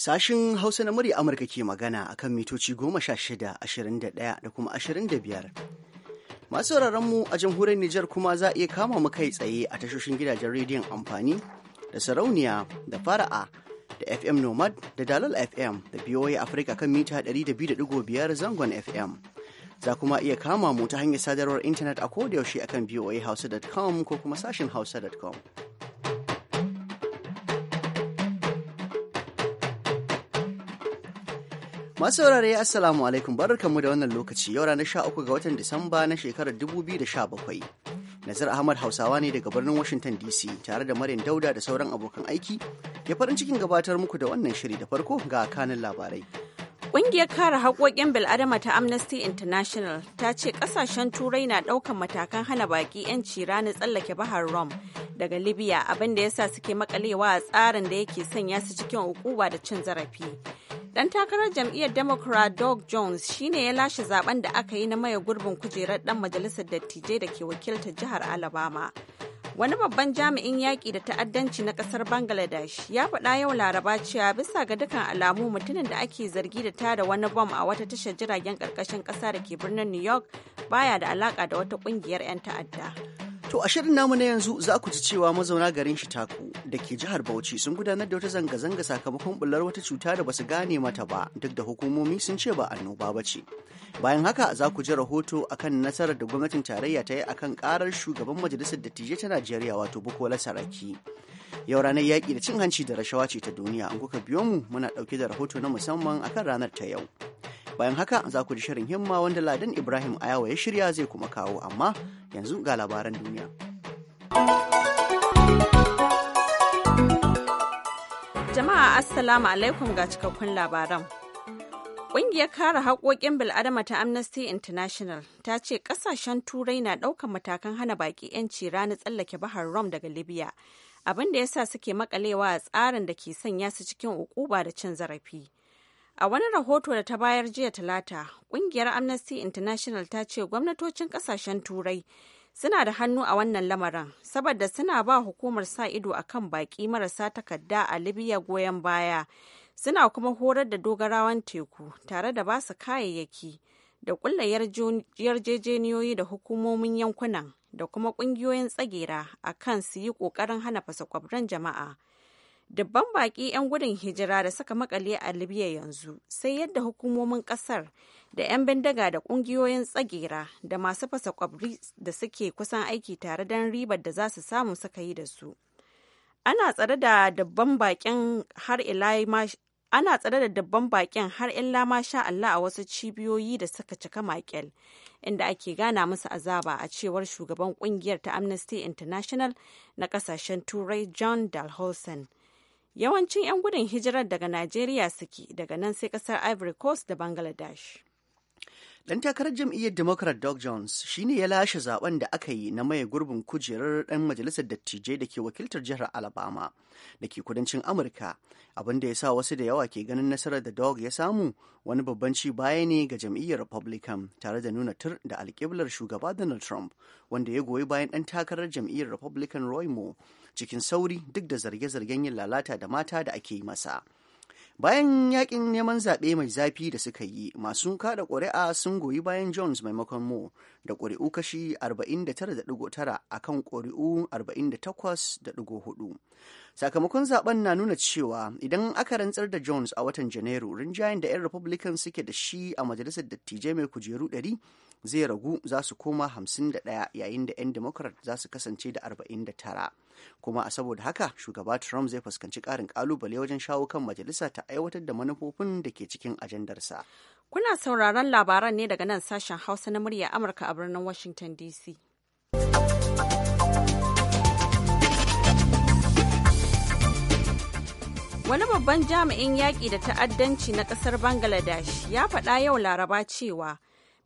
Sashin Hausa na murya Amurka ke magana a kan mitoci goma sha shida, ashirin da ɗaya da kuma ashirin da biyar. Masu mu a jamhuriyar Nijar kuma za a iya kama mu kai tsaye a tashoshin gidajen rediyon amfani da sarauniya da fara'a da FM Nomad da Dalal FM da BOA Afirka kan mita 200.5 zangon FM. za kuma iya kama mu ta hanyar sadarwar intanet a kodayaushe akan voahausa.com ko kuma sashin hausa.com. Masu saurare Assalamu alaikum mu da wannan lokaci yau ranar uku ga watan Disamba na shekarar 2017. Nazar Ahmad Hausawa ne daga birnin Washington DC tare da Maryam Dauda da sauran abokan aiki ya farin cikin gabatar muku da wannan shiri da farko ga kanin labarai. Ƙungiyar kare haƙoƙin bil'adama ta Amnesty International ta ce ƙasashen Turai na ɗaukan matakan hana baƙi 'yanci ranar tsallake Bahar Rom daga Libya abinda ya sa suke makalewa a tsarin da yake sanya su cikin hukuma da cin zarafi. Dan takarar jam'iyyar Democrat Doug Jones shine ya lashe zaben da aka yi na maye gurbin kujerar ɗan majalisar dattijai da ke wakiltar jihar Alabama. Wani babban jami'in yaƙi da ta'addanci na ƙasar Bangladesh ya faɗa yau Laraba cewa bisa ga dukkan alamu mutumin da ake zargi da tada wani bom a wata tashar jiragen ƙarƙashin ƙasa da ke birnin New York baya da alaƙa da wata ƙungiyar 'yan ta'adda. To a shirin namu na yanzu za ku ji cewa mazauna garin Shitaku da ke jihar Bauchi sun gudanar da wata zanga-zanga sakamakon bullar wata cuta da basu gane mata ba duk da hukumomi sun ce ba annoba ba ce. Bayan haka za ku ji rahoto akan nasarar da gwamnatin tarayya ta yi akan karar shugaban majalisar dattijai ta Najeriya wato Bukola Saraki. Yau ranar yaƙi da cin hanci da rashawa ce ta duniya an kuka biyo mu muna ɗauke da rahoto na musamman akan ranar ta yau. bayan haka za ku ji shirin himma wanda ladan ibrahim ayawa ya shirya zai kuma kawo amma yanzu ga labaran duniya jama'a assalamu alaikum ga cikakkun labaran Ƙungiyar kare haƙoƙin bil'adama ta Amnesty International ta ce ƙasashen Turai na ɗaukan matakan hana baƙi 'yanci ranar tsallake bahar Rom daga Libya, abin da ya sa suke makalewa a tsarin da ke sanya su cikin ukuba da cin zarafi. A wani rahoto da ta bayar jiya Talata, ƙungiyar Amnesty International ta ce gwamnatocin ƙasashen Turai suna da hannu a wannan lamarin saboda suna ba hukumar sa ido a kan baƙi marasa takarda a libya goyon baya suna kuma horar da dogarawan teku tare da basu kayayyaki da ƙulla yarjejeniyoyi da hukumomin yankunan da kuma ƙungiyoyin tsagera a kan su yi ƙoƙarin hana fasakwabran jama'a Dabban baƙi 'yan gudun hijira da suka makale a Libya yanzu sai yadda hukumomin ƙasar da 'yan bindiga da ƙungiyoyin tsagera da masu fasa kwabri da suke kusan aiki tare don ribar da za su samu suka yi da su. Ana tsare da dabban baƙin har lama bakin har illa ma sha Allah a wasu cibiyoyi da suka cika makel inda ake gana musu azaba a cewar shugaban kungiyar ta Amnesty International na kasashen Turai John Dalhousen Yawancin 'yan gudun hijirar daga Najeriya suke daga nan sai kasar Ivory Coast da Bangladesh. dan takarar jam'iyyar Democrat Doug Jones shi ne ya lashe zaben da aka yi na maye gurbin kujerar ɗan majalisar dattijai da ke wakiltar jihar Alabama da ke kudancin Amurka, abin da ya sa wasu da yawa ke ganin nasarar da Doug ya samu wani babban ci baya ne ga jam'iyyar Republican tare da nuna tur da alƙiblar shugaba Donald Trump wanda ya goyi bayan ɗan takarar jam'iyyar Republican Roy Moore cikin sauri duk da zarge-zargen yin lalata da mata da ake yi masa. bayan yakin neman zaɓe mai zafi da suka yi masu kada ƙuri'a sun goyi bayan jones maimakon mo da ƙuri'u kashi 49.9 a kan ƙuri'u 48.4 sakamakon zaben na nuna cewa idan aka rantsar da jones a watan janairu rinjayen da 'yan republican suke da shi a majalisar dattijai mai kujeru 100 zai ragu za su koma 51 yayin da 'yan democrat za su kasance da 49 kuma a saboda haka shugaba trump zai fuskanci ƙarin ƙalubale wajen shawo kan majalisa ta aiwatar da manufofin da ke cikin ajandarsa kuna sauraron labaran ne daga nan sashen hausa na murya amurka a birnin washington dc Wani babban jami'in yaƙi da ta'addanci na ƙasar Bangladesh ya faɗa yau Laraba cewa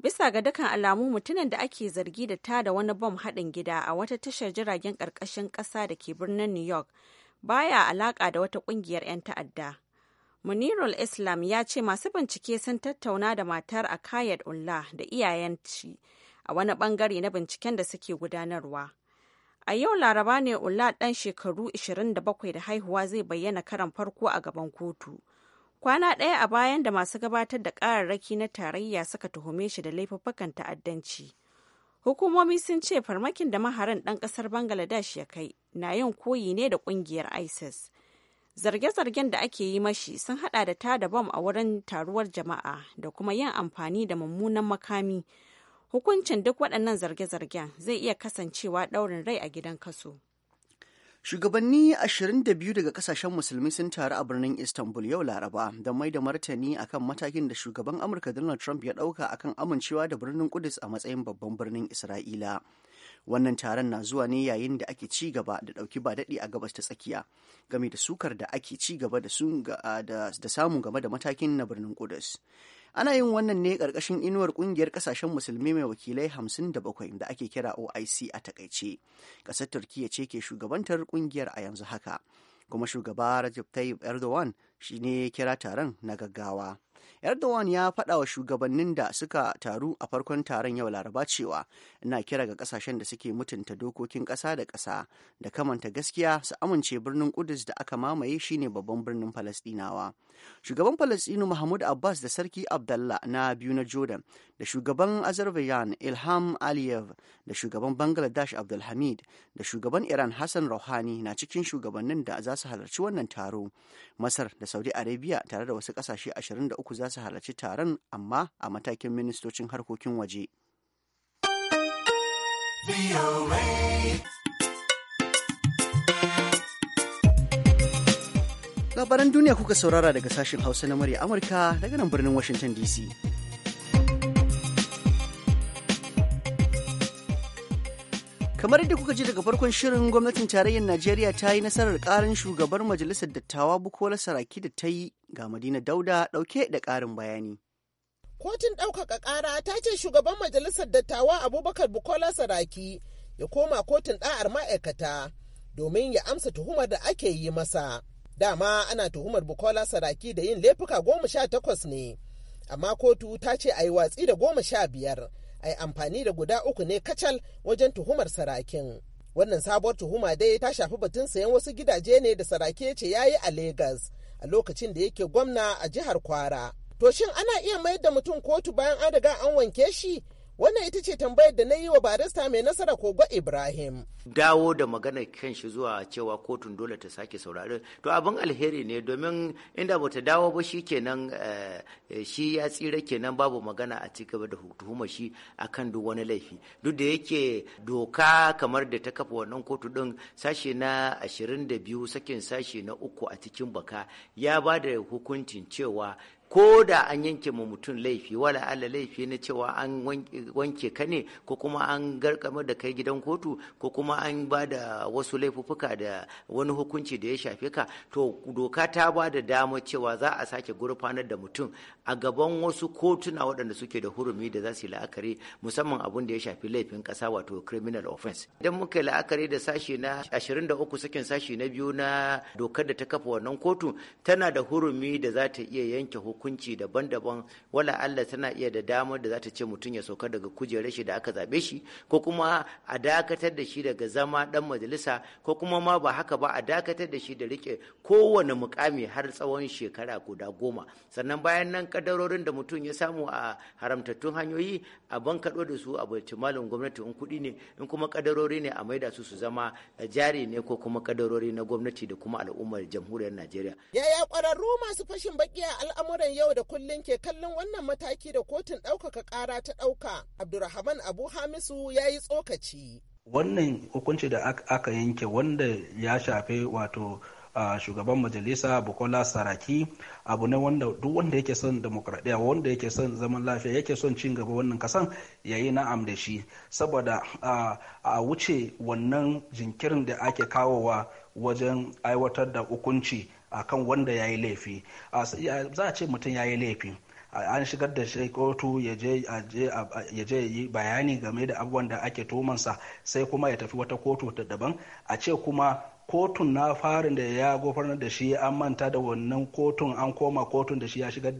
bisa ga dukkan alamu mutumin da ake zargi da tada wani bom haɗin gida a wata tashar jiragen ƙarƙashin ƙasa da ke birnin new york baya alaƙa da wata ƙungiyar 'yan ta'adda munirul islam ya ce masu bincike sun tattauna da matar a kayat ulla da iyayen shi a wani ɓangare na binciken da suke gudanarwa a yau laraba ne ulla ɗan shekaru 27 da haihuwa zai bayyana karan farko a gaban kotu kwana ɗaya a bayan da masu gabatar da ƙararraki na tarayya suka tuhume shi da laifuffukan ta'addanci hukumomi sun ce farmakin da maharan ɗan ƙasar bangladesh ya kai na yin koyi ne da ƙungiyar isis zarge-zargen da ake yi mashi sun hada da tada bom a wurin taruwar jama'a da kuma yin amfani da mummunan makami hukuncin duk waɗannan zarge-zargen zai iya kasancewa ɗaurin rai a gidan kaso. Shugabanni 22 daga kasashen musulmi sun taru a birnin Istanbul yau Laraba don mai da martani akan matakin da shugaban Amurka Donald Trump ya ɗauka akan amincewa da birnin Kudus a matsayin babban birnin Isra'ila. Wannan taron na zuwa ne yayin da ake ci gaba da ɗauki ba daɗi a gabas ta tsakiya game da sukar da ake ci gaba da samu game da matakin na birnin Kudus. ana yin wannan ne ƙarƙashin inuwar ƙungiyar ƙasashen musulmi mai wakilai 57 da ake kira oic a takaice ƙasar turkiya ce ke shugabantar ƙungiyar a yanzu haka kuma shugaba rajab tayyip erdogan shi ne kira taron na gaggawa Erdogan ya faɗa wa shugabannin da suka taru a farkon taron yau Laraba cewa ina kira ga kasashen da suke mutunta dokokin ƙasa da ƙasa da kamanta gaskiya su amince birnin Kudus da aka mamaye shine babban birnin falastinawa Shugaban falastinu Mahmud Abbas da Sarki Abdallah na biyu na Jordan da shugaban Azerbaijan Ilham Aliyev da shugaban Bangladesh Abdulhamid da shugaban Iran Hassan Rouhani na cikin shugabannin da za su halarci wannan taro. Masar da Saudi Arabia tare da wasu ƙasashe 23 uku za su halarci taron amma a matakin ministocin harkokin waje. Labaran duniya kuka saurara daga sashen Hausa na murya Amurka daga nan birnin Washington DC. kamar yadda kuka ji daga farkon shirin gwamnatin tarayyar najeriya ta yi nasarar karin shugabar majalisar dattawa bukola saraki da ta yi ga madina dauda dauke da karin bayani kotun ɗaukaka ƙara ta ce shugaban majalisar dattawa abubakar bukola saraki ya koma kotun ɗa'ar ma'aikata domin ya amsa tuhumar da ake yi masa dama ana tuhumar bukola saraki da yin laifuka goma sha takwas ne amma kotu ta ce a yi watsi da goma sha biyar a yi amfani da guda uku ne kacal wajen tuhumar sarakin. Wannan sabuwar tuhuma dai ta shafi batun sayan wasu gidaje ne da sarake ce ya yi a Legas a lokacin da yake gwamna a jihar Kwara. To shin ana iya mayar da mutum kotu bayan an riga an wanke shi Wannan ita ce tambayar da na yi wa barista mai nasara Kogo Ibrahim. Dawo da magana kanshi zuwa cewa kotun dole ta sake saurari. To abin alheri ne domin inda bata dawo ba shi kenan eh, eh, shi ya tsira kenan babu magana a cigaba da tuhumar shi akan duk wani laifi. Duk da yake doka kamar da ta kafa wannan kotu din sashe na 22 sakin sashe na uku a cikin baka ya ba da hukuncin cewa ko da an yanke ma mutum laifi wala ala laifi na cewa an wanke ka ne ko kuma an garkama da kai gidan kotu ko kuma an ba da wasu laifuffuka da wani hukunci da ya shafe ka to doka ta ba da dama cewa za a sake gurfanar da mutum a gaban wasu kotuna waɗanda suke da hurumi da za su yi la'akari musamman abun da ya shafi laifin kasa wato criminal offense idan muka yi la'akari da sashi na ashirin da uku sakin sashi na biyu na dokar da ta kafa wannan kotu tana da hurumi da za ta iya yanke hukunci hukunci daban-daban wala Allah tana iya da damar da za ta ce mutum ya sauka daga kujerar shi da aka zabe shi ko kuma a dakatar da shi daga zama dan majalisa ko kuma ma ba haka ba a dakatar da shi da rike kowane mukami har tsawon shekara guda goma sannan bayan nan kadarorin da mutum ya samu a haramtattun hanyoyi a bankaɗo da su a baitimalin gwamnati in kuɗi ne in kuma kadarori ne a maida su su zama jari ne ko kuma kadarori na gwamnati da kuma al'ummar jamhuriyar Najeriya. Yaya ƙwararru masu fashin baki a al'amuran yau da kullum ke kallon wannan mataki da kotun ɗaukaka ƙara ta ɗauka abdurrahman abu hamisu ya yi tsokaci wannan hukunci da aka yanke wanda ya shafe wato a shugaban majalisa bukola saraki abu ne wanda duk wanda yake son demokradiyya wanda yake son zaman lafiya yake son cin gaba wannan kasan yayi na'am da shi saboda a wuce wannan jinkirin da ake kawowa wajen aiwatar da hukunci a kan wanda ya yi laifi za a ce mutum ya yi laifi an shigar da shi kotu ya je yi bayani game da abubuwan da ake tumansa sai kuma ya tafi wata kotu ta daban a ce kuma kotun na farin da ya gofarnar da shi an manta da wannan kotun an koma kotun da shi ya shigar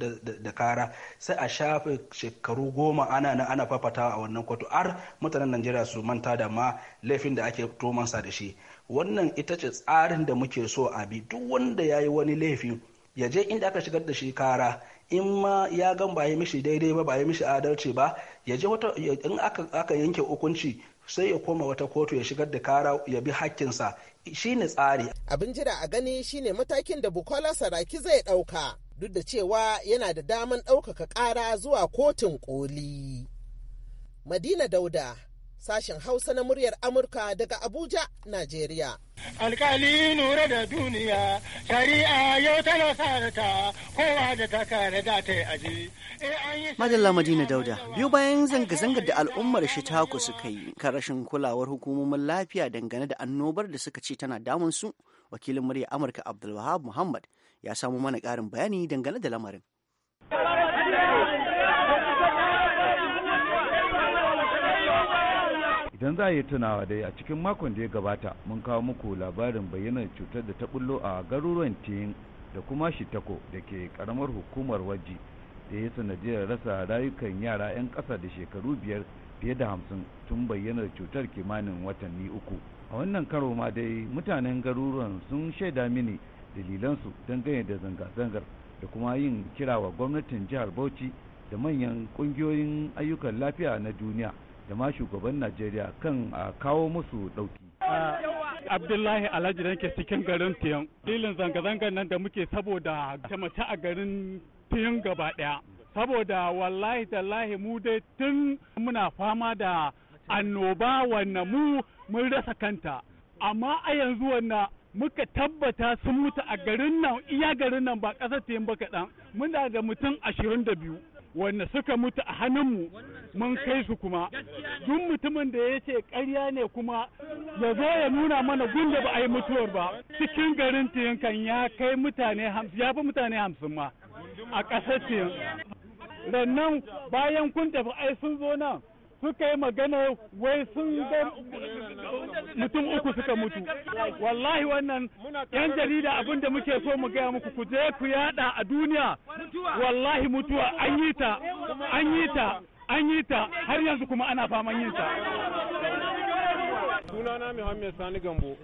da kara sai a shafe shekaru goma ana na ana fafata a wannan kotu har mutanen najeriya su manta da ma laifin da ake tumansa da shi wannan ita ce tsarin da muke so a bi duk wanda ya yi wani laifi ya je inda aka shigar da shi kara in ma ya gan ba yi mishi daidai ba ba yi mishi adalci ba ya je wata in aka yanke hukunci sai ya koma wata kotu ya shigar da kara ya bi hakkinsa shine tsari abin jira a gani shine matakin da bukola saraki zai dauka duk da cewa yana da daman ɗaukaka ƙara zuwa kotun koli madina dauda Sashen Hausa na muryar Amurka daga Abuja, Najeriya. Alkali nura da duniya, shari'a yau tana sarata, kowa da ta kare da ta yi aji. Eh, Madalla Madina Dauda, biyu bayan zanga-zangar da al'ummar Shitaku suka yi kan rashin kulawar hukumomin lafiya dangane da annobar da suka ce tana damun su, wakilin murya Amurka Abdulwahab Muhammad ya samu mana ƙarin bayani dangane da lamarin. idan za a yi tunawa dai a cikin makon da ya gabata mun kawo muku labarin bayyanar cutar da ta bullo a garuruwan tiyin da kuma shitako da ke karamar hukumar waje da ya sanadiyar rasa rayukan yara 'yan ƙasa da shekaru biyar fiye da hamsin tun bayyanar cutar kimanin watanni uku a wannan karo ma dai mutanen garuruwan sun shaida mini dalilansu don dangane da zanga-zangar da kuma yin kirawa gwamnatin jihar bauchi da manyan ƙungiyoyin ayyukan lafiya na duniya da ma shugaban najeriya kan a kawo musu ɗauki abdullahi alhaji da ke cikin garin tiyan filin zanga-zangar nan da muke saboda mace a garin tiyan gaba ɗaya saboda wallahi tallahi mu dai tun muna fama da annoba wannan mu mun rasa kanta amma a yanzu wannan muka tabbata sun mutu a garin nan iya garin nan ba ƙasar tiyan ba kaɗan muna da mutum ashirin da biyu wanda suka mutu a hannunmu mun kai su kuma duk mutumin da ya ce karya ne kuma ya zo ya nuna mana gun ba a yi mutuwar ba cikin garin tiyankan ya kai mutane ya fi mutane hamsin ma a ƙasar tiyan rannan bayan kun tafi ai sun zo nan suka yi magana wai sun ga mutum uku suka mutu wallahi wannan yan jarida abin da muke so mu gaya muku ku je ku yada a duniya wallahi mutuwa an yi ta an yi ta an yi ta har yanzu kuma ana faman yin ta sunana Muhammad Sani Gambo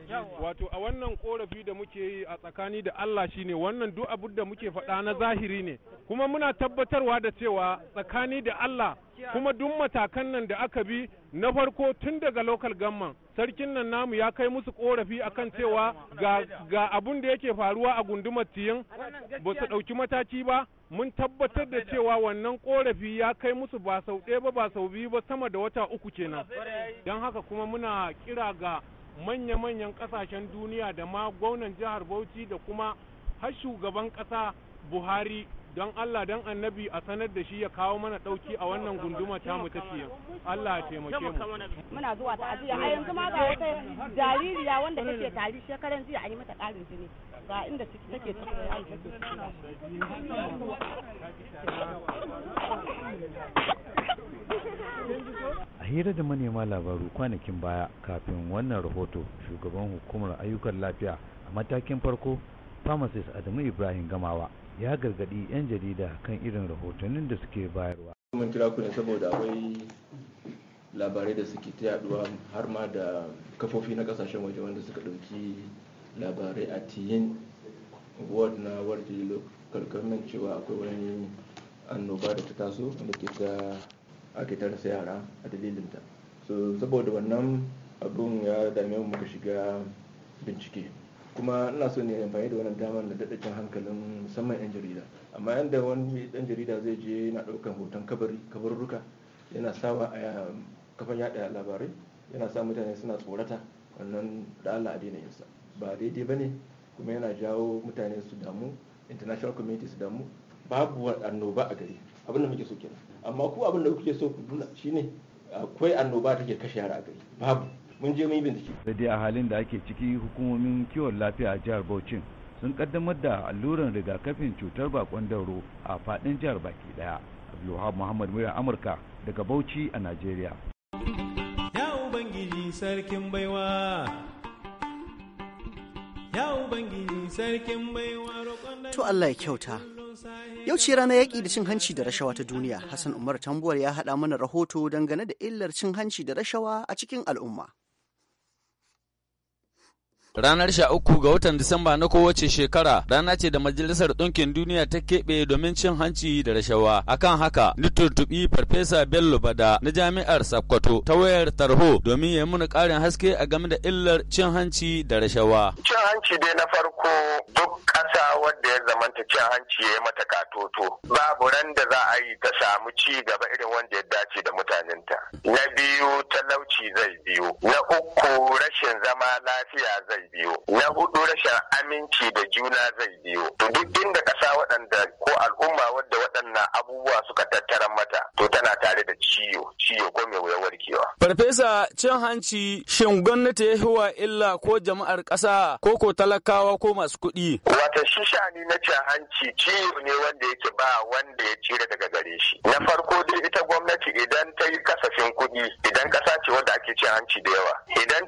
wato a wannan korafi da muke yi a tsakani da Allah shine wannan duk abin da muke faɗa na zahiri ne kuma muna tabbatarwa da cewa tsakani da Allah kuma duk matakan nan da aka bi na farko tun daga local gamman sarkin nan namu ya kai musu korafi akan cewa ga, abun da yake faruwa a gundumar tiyin ba su ɗauki mataki ba mun tabbatar da cewa wannan korafi ya kai musu ba sau ɗaya ba ba sau biyu ba sama da wata uku kenan don haka kuma muna kira ga manya-manyan ƙasashen duniya da ma gwamnan jihar bauchi da kuma har shugaban ƙasa buhari don Allah don annabi a sanar da shi ya kawo mana ɗauki a wannan gunduma ta mu ta Allah ya taimake mu muna zuwa ta ajiya a yanzu ma ga wata jaririya wanda take tari shekaran jiya an yi mata karin jini ga inda take a hira da manema labaru kwanakin baya kafin wannan rahoto shugaban hukumar ayyukan lafiya a matakin farko pharmacist adamu ibrahim gamawa ya gargadi 'yan jarida kan irin rahotannin da suke bayarwa. mun kira ku ne saboda akwai labarai da suke ta yaduwa har ma da kafofi na kasashen waje wanda suka ɗauki labarai a tiyin ward na warje local government cewa akwai wani annoba da ta taso wanda ke ta ake ta rasa yara a dalilinta so saboda wannan abun ya dame mu muka shiga bincike kuma ina so ne amfani da wannan damar na daɗaɗɗen hankalin musamman 'yan jarida amma yadda wani ɗan jarida zai je yana ɗaukan hoton kabari kabarurruka yana sawa a um, kafan yaɗa labarai yana sa mutane suna tsorata wannan da Allah a daina yinsa ba daidai ba ne kuma yana jawo mutane su damu international community su damu babu annoba a gari abin da muke so kenan amma ku abin da kuke so ku nuna shine akwai annoba take kashe yara a gari babu mun je mun yi bincike sai dai a halin da ake ciki hukumomin kiwon lafiya a jihar Bauchi sun kaddamar da alluran rigakafin cutar bakon dauro a fadin jihar baki daya Abdulwahab Muhammad Murya Amurka daga Bauchi a Najeriya Ya ubangiji sarkin baiwa Ya ubangiji sarkin baiwa roƙon To Allah ya kyauta Yau ce ranar yaƙi da cin hanci da rashawa ta duniya, Hassan Umar Tambuwar ya haɗa mana rahoto dangane da illar cin hanci da rashawa a cikin al'umma. Ranar sha uku ga watan Disamba na kowace shekara rana ce da Majalisar Ɗinkin Duniya ta keɓe domin cin hanci da rashawa. Akan haka, ni tuntuɓi Farfesa Bello Bada na Jami'ar Sakkwato ta wayar tarho domin ya muna ƙarin haske a game da illar cin hanci da rashawa. Cin hanci dai na farko duk ƙasa wadda ya zamanta cin hanci ya yi mata katoto. Babu ran da za a yi ta samu ci gaba irin wanda ya dace da mutanen ta, Na biyu talauci zai biyu, Na uku rashin zama lafiya zai biyo na hudu rashin aminci da juna zai biyo to duk inda kasa waɗanda ko al'umma wadda waɗannan abubuwa suka tattara mata to tana tare da ciyo/ciyo ko mai wuya warkewa farfesa cin hanci shin gwamnati ya hiwa illa ko jama'ar ƙasa ko ko talakawa ko masu kuɗi wata shi shani na cin hanci ciyo ne wanda yake ba wanda ya cire daga gare shi na farko dai ita gwamnati idan ta yi kasafin kuɗi idan ƙasa ce wadda ake cin hanci da yawa idan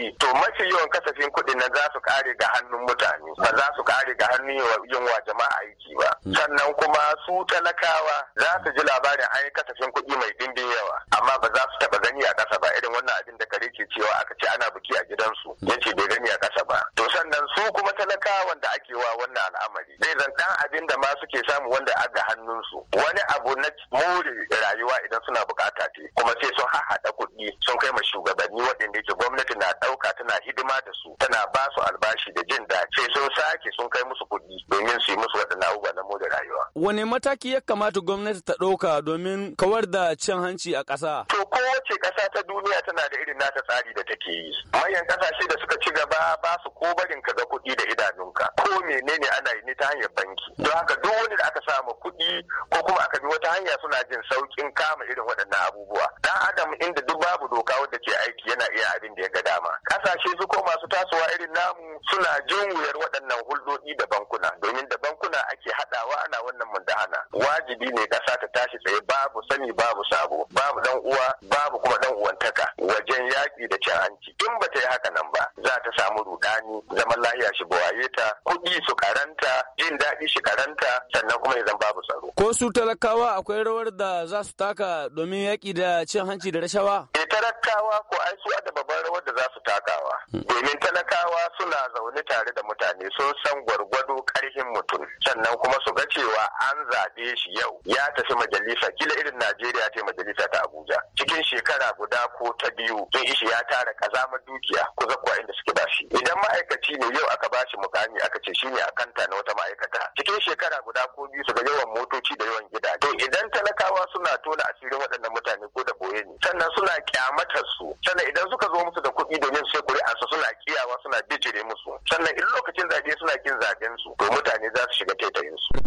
kuɗi to mafi yawan kasafin kuɗi na za su kare ga hannun mutane ba za su kare ga hannun yin wa jama'a aiki ba hmm. sannan kuma su talakawa za su ji labarin an kasafin kuɗi mai dindin yawa amma ba za su taɓa gani a ƙasa ba irin wannan abin da kare ke cewa aka ce ana buki a gidansu hmm. yace bai gani a ƙasa ba to sannan su kuma talaka wanda ake wa wannan al'amari zai zan dan abin da ma suke samu wanda a ga hannunsu wani abu na more rayuwa idan suna bukata ce kuma sai sun haɗa kuɗi sun kai ma shugabanni waɗanda ke gwamnati na ɗauka tana hidima da su tana ba su albashi da jin dace sai sun sake sun kai musu kuɗi domin su yi musu waɗanda abubuwa na more rayuwa. Wani mataki ya kamata gwamnati ta ɗauka domin kawar da cin hanci a ƙasa? To kowace ƙasa ta duniya tana da irin nata tsari da take yi. Manyan ƙasashe da suka ci gaba ba su ko barin ka ga kuɗi da idanunka ko menene ana yi ne ta hanyar banki don haka duk wani da aka samu kuɗi ko kuma aka bi wata hanya suna jin saukin kama irin waɗannan abubuwa dan adam inda duk babu doka wadda ke aiki yana iya abin da ya ga dama ƙasashe su ko masu tasowa irin namu suna jin wuyar waɗannan hulɗoɗi da bankuna domin da muna ake haɗawa ana wannan mundahana wajibi ne ƙasa ta tashi tsaye babu sani babu sabo babu dan uwa babu kuma dan uwantaka wajen yaƙi da cin hanci in ba ta yi haka nan ba za ta samu rudani zaman lahiya shi bawaye ta kuɗi su karanta jin daɗi shi karanta sannan kuma ya zan babu tsaro. ko su talakawa akwai rawar da za su taka domin yaƙi da cin hanci da rashawa. Eh, talakawa ko ai su da babban rawar da za su takawa hmm. domin talakawa suna zaune tare da mutane sun san gwargwado karhin mutum sannan kuma su ga cewa an zaɓe shi yau ya tafi majalisa kila irin najeriya ce majalisa ta abuja cikin shekara guda ko ta biyu sun ishi ya tara kazamar dukiya ko zakwa inda suke bashi idan ma'aikaci ne yau aka bashi mukami aka ce shi shine akanta na wata ma'aikata cikin shekara guda ko biyu su ga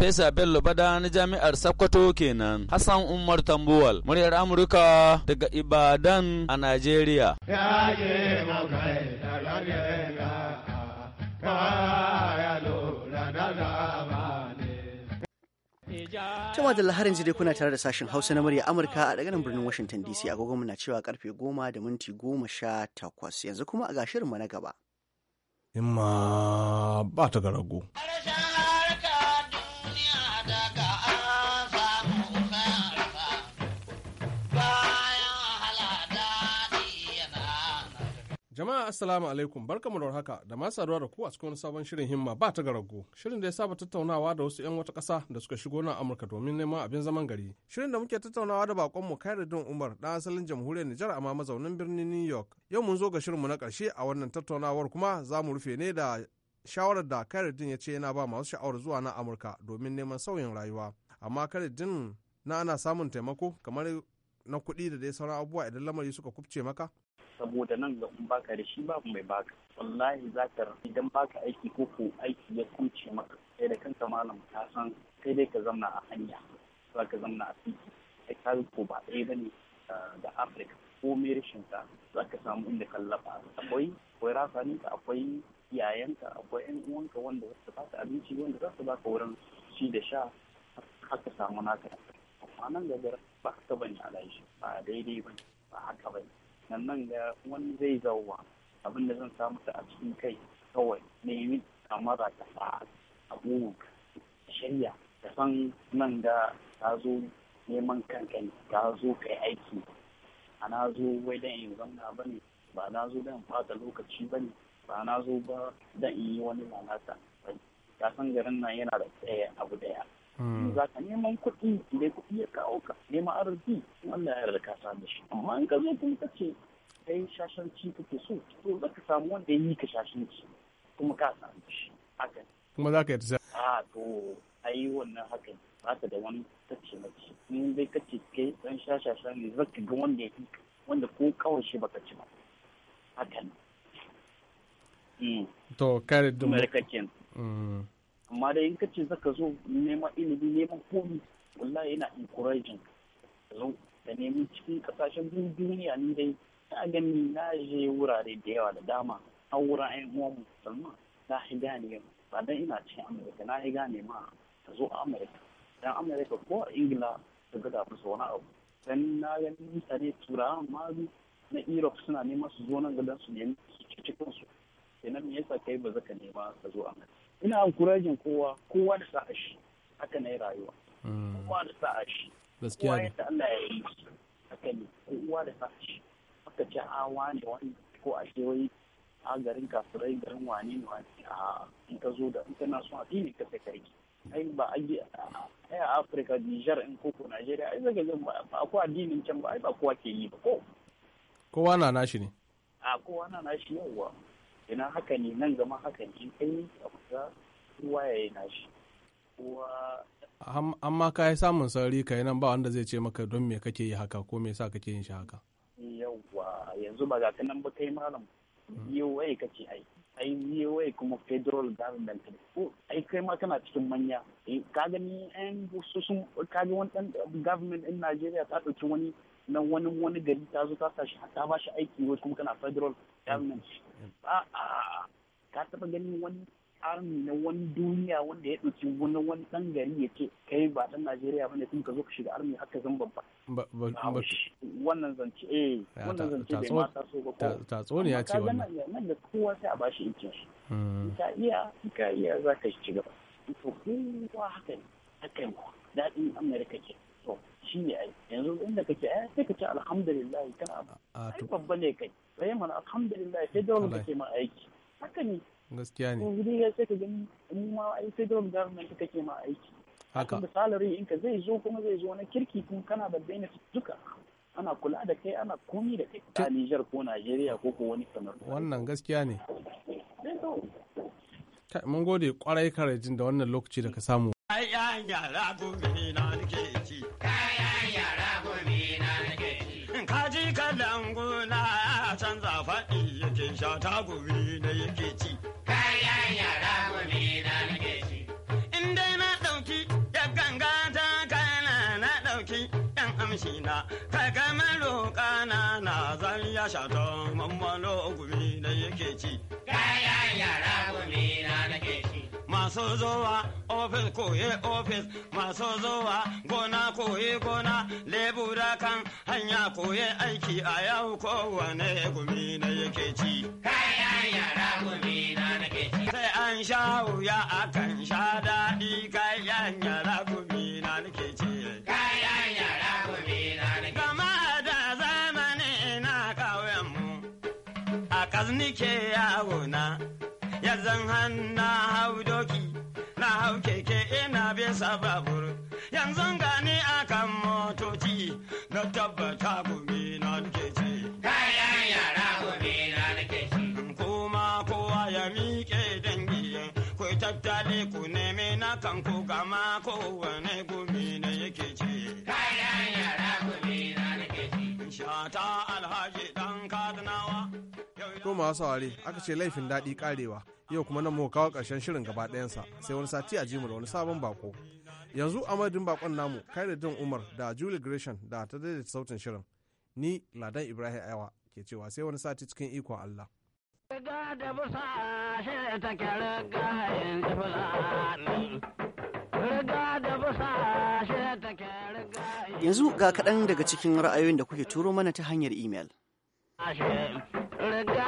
Farfesa Bello Bada na Jami'ar Sokoto kenan. Hassan Umar Tambuwal, muryar Amurka daga Ibadan a Najeriya. Tuma da laharin jide kuna tare da sashen Hausa na murya Amurka a daga birnin Washington DC agogon muna cewa karfe goma da minti goma sha takwas yanzu kuma a gashirinmu na gaba. Imma ba ta garago. Jama'a Assalamu alaikum barkamu da haka da ma saduwa da ku a cikin sabon shirin himma ba ta garago. Shirin da ya saba tattaunawa da wasu 'yan wata ƙasa da suka shigo na Amurka domin neman abin zaman gari. Shirin da muke tattaunawa da bakon mu din Umar ɗan asalin jamhuriyar Nijar amma mazaunin birnin New York. Yau mun zo ga shirinmu na ƙarshe a wannan tattaunawar kuma za mu rufe ne da shawarar da din ya ce yana ba masu sha'awar zuwa na Amurka domin neman sauyin rayuwa. Amma Khairuddin na ana samun taimako kamar na kuɗi da dai sauran abubuwa idan lamari suka kubce maka? saboda nan ga in baka da shi babu mai baka wallahi za ka idan baka aiki ko ko aiki ya kuce maka sai da kanka malam ka san sai dai ka zamna a hanya za ka zamna a fiki sai ka ko ba ɗaya ba ne ah, da afirka ko rashin za ka samu inda kallafa akwai akwai rasaninka akwai iyayenka akwai yan uwanka wanda za su baka abinci wanda za su baka wurin ci da sha haka samu naka amma nan gaba ba haka bane a ba daidai bane ba haka bane sannan ga wani zai zauwa abin da zan samu ta a cikin kai kawai nemi kamara ta a abu shirya ka san nan da ta zo neman kanka ne zo kai aiki a na zo wai dan in zamna ba ne ba na zo dan fata lokaci ba ne ba na zo ba dan yi wani lalata ka san garin nan yana da tsaye abu daya za ka neman kuɗi idan kuɗi ya kawo ka neman arziki wannan da ka samu shi amma in ka zo kuma ka ce kai shashanci kake so to za ka samu wanda yi ka shashanci kuma ka samu shi haka kuma za ka yi ta a to a yi wannan za ka da wani kace mace in dai ce kai ɗan shashashan ne za ka ga wanda ya yi wanda ko kawai shi baka ci ba hakan hmm. to kare dumu amma da in kace zaka zo neman ilimi neman komi wallahi yana encouraging zo da nemi cikin kasashen duniya ne dai na gani na je wurare da yawa da dama a wurin ayyukan musulma na shi gane ba dan ina cikin amurka na shi gane ma ta zo a amurka dan amurka ko a ingila ta gada musu wani abu dan na gani mutane turawan ma na europe suna neman su zo nan gadan su nemi su cikin su sai me yasa kai ba zaka nema ka zo amurka ina ankurajin kowa kowa da sa'ashi shi haka na yi rayuwa mm. kowa da sa'ashi shi gaskiya ne yadda Allah ya yi haka ne kowa da sa'ashi shi haka ce a ah, wani wani ko a wai a garin kafirai garin wani ne wani a in ka zo da in kana son addini ka sai kai ai ba a yi a a Afirka Nijar in koko Najeriya ai zaka zan ba akwai addinin can ba ai ba kowa ke yi ba ko kowa na nashi ne a kowa na nashi yawwa ina haka ne nan gama haka ne kai ne a kusa kowa ya yi nashi amma ka yi samun sauri ka nan ba wanda zai ce maka don me kake yi haka ko me sa kake yin shi haka yawwa yanzu ba ga nan ba kai malam mm. ka ce ai ai VOA kuma federal government ko ai kai ma kana cikin manya eh, ka gani ɗan su sun ka ga wani government din Najeriya ta dauki wani Na wani wani gari ta zo ta sashi ta ba shi aiki wai kuma kana federal government a a ka taba ganin wani army na wani duniya wanda ya ɗauki wani wani ɗan gari ya ce kai ba ɗan Najeriya bane kuma ka zo ka shiga army haka zan babba. Wannan zance eh wannan zance bai ma taso ba ko. Tatso ne ya ce wannan. Nan da kowa sai a bashi ikin shi. Hmm. Ka iya ka iya za ka shiga. To kowa haka ne haka ne daɗin Amurka ke. to shi ne ai yanzu inda ka kake ai eh, sai ka ce alhamdulillah kana ai babba ne kai sai mana alhamdulillah sai dole kake ma aiki haka ne gaskiya ne yanzu dai sai ka gani mu ma ai sai dole government kake ma aiki haka da salary in ka zai zo kuma zai zo na kirki kun kana da benefit duka ana kula da kai ana komi da kai Ta Niger ko Najeriya ko ko wani kamar wannan gaskiya ne mun gode kwarai karajin da wannan lokaci da ka samu ai ai ga rabu na nake ci ya shata mammalo gumi na yake ci. Kaya yara gumi na nake ci. Masu zowa ofis koye ofis, masu zowa gona koye gona, lebura kan hanya koye aiki a yau kowane gumi na yake ci. Kaya yara gumi na nake ci. Sai an sha wuya akan sha daɗi ke yawo na yanzan hanna hau doki na hau keke ina bisa babur yanzan gani akan motoci na tabbata gobe na ke kayan yara gobe na ke kuma kowa ya miƙe dangi ku tattale ku neme na kan ku gama kowane gumi to masu saurare aka ce laifin daɗi karewa yau kuma nan mu kawo ƙarshen shirin gaba ɗayansa sai wani sati a jimu da wani sabon bako yanzu a madadin bakon namu kairadin umar da julie gresham da ta daidaita sautin shirin ni ladan ibrahim aiwa ke cewa sai wani sati cikin ikon allah yanzu ga kaɗan daga cikin ra'ayoyin da kuke turo mana ta hanyar imel. Riga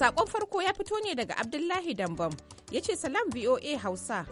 Sakon farko ya fito ne daga Abdullahi Dambam ya ce salam VOA Hausa.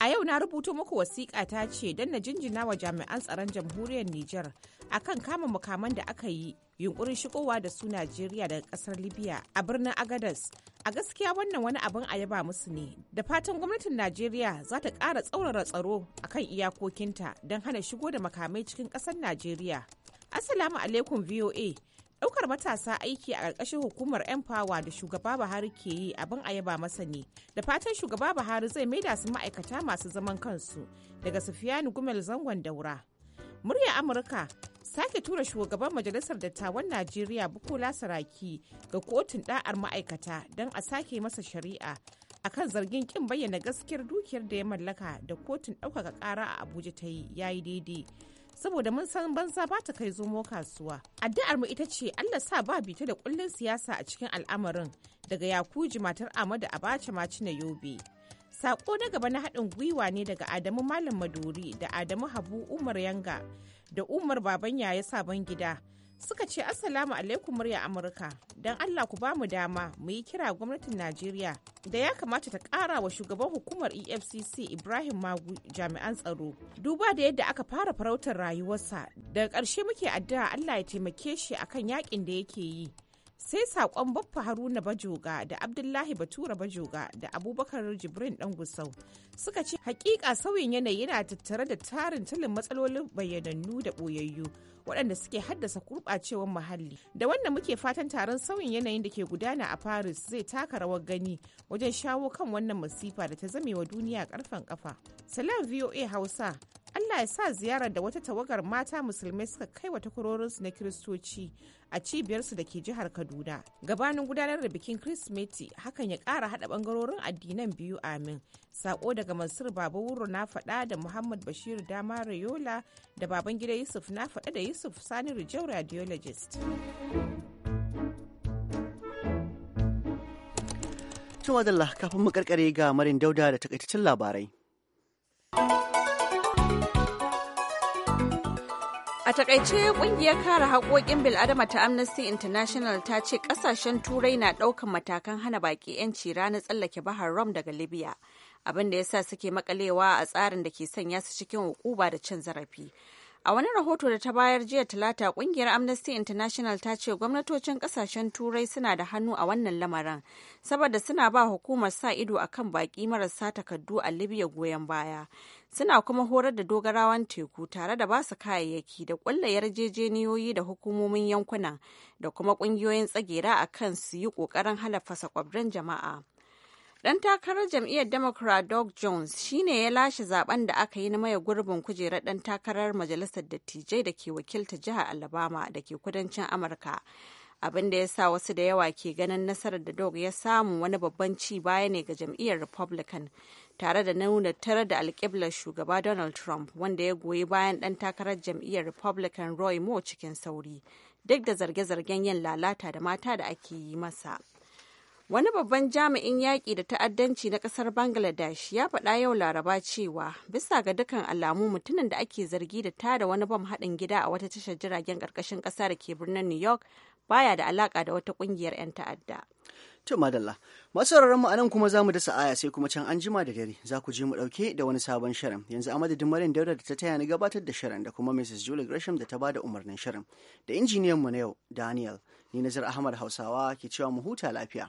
A yau na rubuto muku wasiƙa ta ce don na jinjina wa jami'an tsaron jamhuriyar Nijar akan kama mukaman da aka yi yunkurin shigowa da su Najeriya daga ƙasar Libya a birnin Agadas. A gaskiya wannan wani abin a yaba musu ne. Da fatan gwamnatin Najeriya za ta ƙara tsaurara tsaro akan iyakokinta don hana shigo da makamai cikin ƙasar Najeriya. Assalamu alaikum VOA. daukar matasa aiki a ƙarƙashin hukumar Empower da shugaba Buhari ke yi abin a yaba masa ne. Da fatan shugaba Buhari zai maida su ma'aikata masu zaman kansu daga Sufiyanu Gumel zangon daura. Murya Amurka sake tura shugaban majalisar dattawan Najeriya Bukola Saraki ga kotun ɗa'ar ma'aikata don a sake masa shari'a akan zargin ƙin bayyana gaskiyar dukiyar da ya mallaka da kotun ɗaukaka ƙara a Abuja ta yi yayi daidai. saboda mun san banza ba ta kai zomo kasuwa addu'ar mu ita ce Allah sa ba bita da kullun siyasa a cikin al'amarin daga Yakuji matar Ahmadu Abacha Maci na Yobe Sako na gaba na haɗin gwiwa ne daga Adamu Malam Maduri da Adamu Habu Umar Yanga da Umar Baban Yaya Sabon Gida suka ce assalamu alaikum murya amurka don allah ku bamu dama mu yi kira gwamnatin najeriya da ya kamata ta kara wa shugaban hukumar efcc ibrahim magu jami'an tsaro duba da yadda aka fara farautar rayuwarsa daga ƙarshe muke addu'a allah ya taimake shi akan yakin da yake yi sai saƙon baffa haruna bajoga da abdullahi batura bajoga da abubakar jibrin dan gusau suka ce hakika sauyin yanayi yana tattare da tarin tilin matsalolin bayyanannu da ɓoyayyu, waɗanda suke haddasa gurɓacewar muhalli da wannan muke fatan taron sauyin yanayin da ke gudana a paris zai taka rawar gani wajen shawo kan wannan masifa da ta zame wa duniya karfen ƙafa. salam voa hausa Allah ya sa ziyarar da wata tawagar mata musulmai suka kai wa takwarorinsu na kiristoci a cibiyarsu da ke jihar Kaduna. Gabanin gudanar da bikin kirismeti hakan ya kara hada bangarorin addinan biyu amin. Sako daga Mansur Baba Wuro na faɗa da Muhammad Bashir Dama Rayola da baban gida Yusuf na faɗa da Yusuf Sani Rijau Radiologist. Tumadalla kafin mu karkare ga Marin Dauda da takaitaccen labarai. takaice kungiyar kare haƙoƙin bil'adama ta Amnesty International ta ce ƙasashen turai na ɗaukan matakan hana baƙi 'yanci ranar tsallake bahar Rom daga Libya, abin da ya sa suke makalewa a tsarin da ke sanya su cikin hukuba da cin zarafi. A wani rahoto da ta bayar jiya Talata kungiyar Amnesty International ta ce gwamnatocin kasashen Turai suna da hannu a wannan lamarin saboda suna ba hukumar sa ido a kan baki marasa takardu a Libya goyon baya. Suna kuma horar da dogarawan teku tare da basu kayayyaki da ƙulla yarjejeniyoyi da hukumomin yankuna da kuma ƙungiyoyin tsagera akan su yi kokarin halafa sakwabran jama'a. Dan takarar jam'iyyar Democrat Doug Jones shine ya lashe zaben da aka yi na maye gurbin kujerar dan takarar majalisar dattijai da ke wakilta jihar Alabama da ke kudancin Amurka. Abin da ya sa wasu da yawa ke ganin nasarar da Doug ya samu wani babban ci baya ne ga jam'iyyar Republican tare da nuna tare da alƙiblar shugaba Donald Trump wanda ya goyi bayan dan takarar jam'iyyar Republican Roy Moore cikin sauri duk da zarge-zargen yin lalata da mata da ake yi masa. Wani babban jami'in yaƙi da ta'addanci na ƙasar Bangladesh ya faɗa yau Laraba cewa bisa ga dukkan alamu mutumin da ake zargi da tada wani bam haɗin gida a wata tashar jiragen ƙarƙashin ƙasa da ke birnin New York baya da alaƙa da wata ƙungiyar 'yan ta'adda. To madalla, masu mu a nan kuma za mu dasa aya sai kuma can an jima da dare za ku je mu ɗauke da wani sabon shirin. Yanzu a madadin Dauda da ta taya ni gabatar da shirin da kuma Mrs. Julie Gresham da ta ba da umarnin shirin. Da injiniyan mu na yau, Daniel, ni Nazar Ahmad Hausawa ke cewa mu huta lafiya.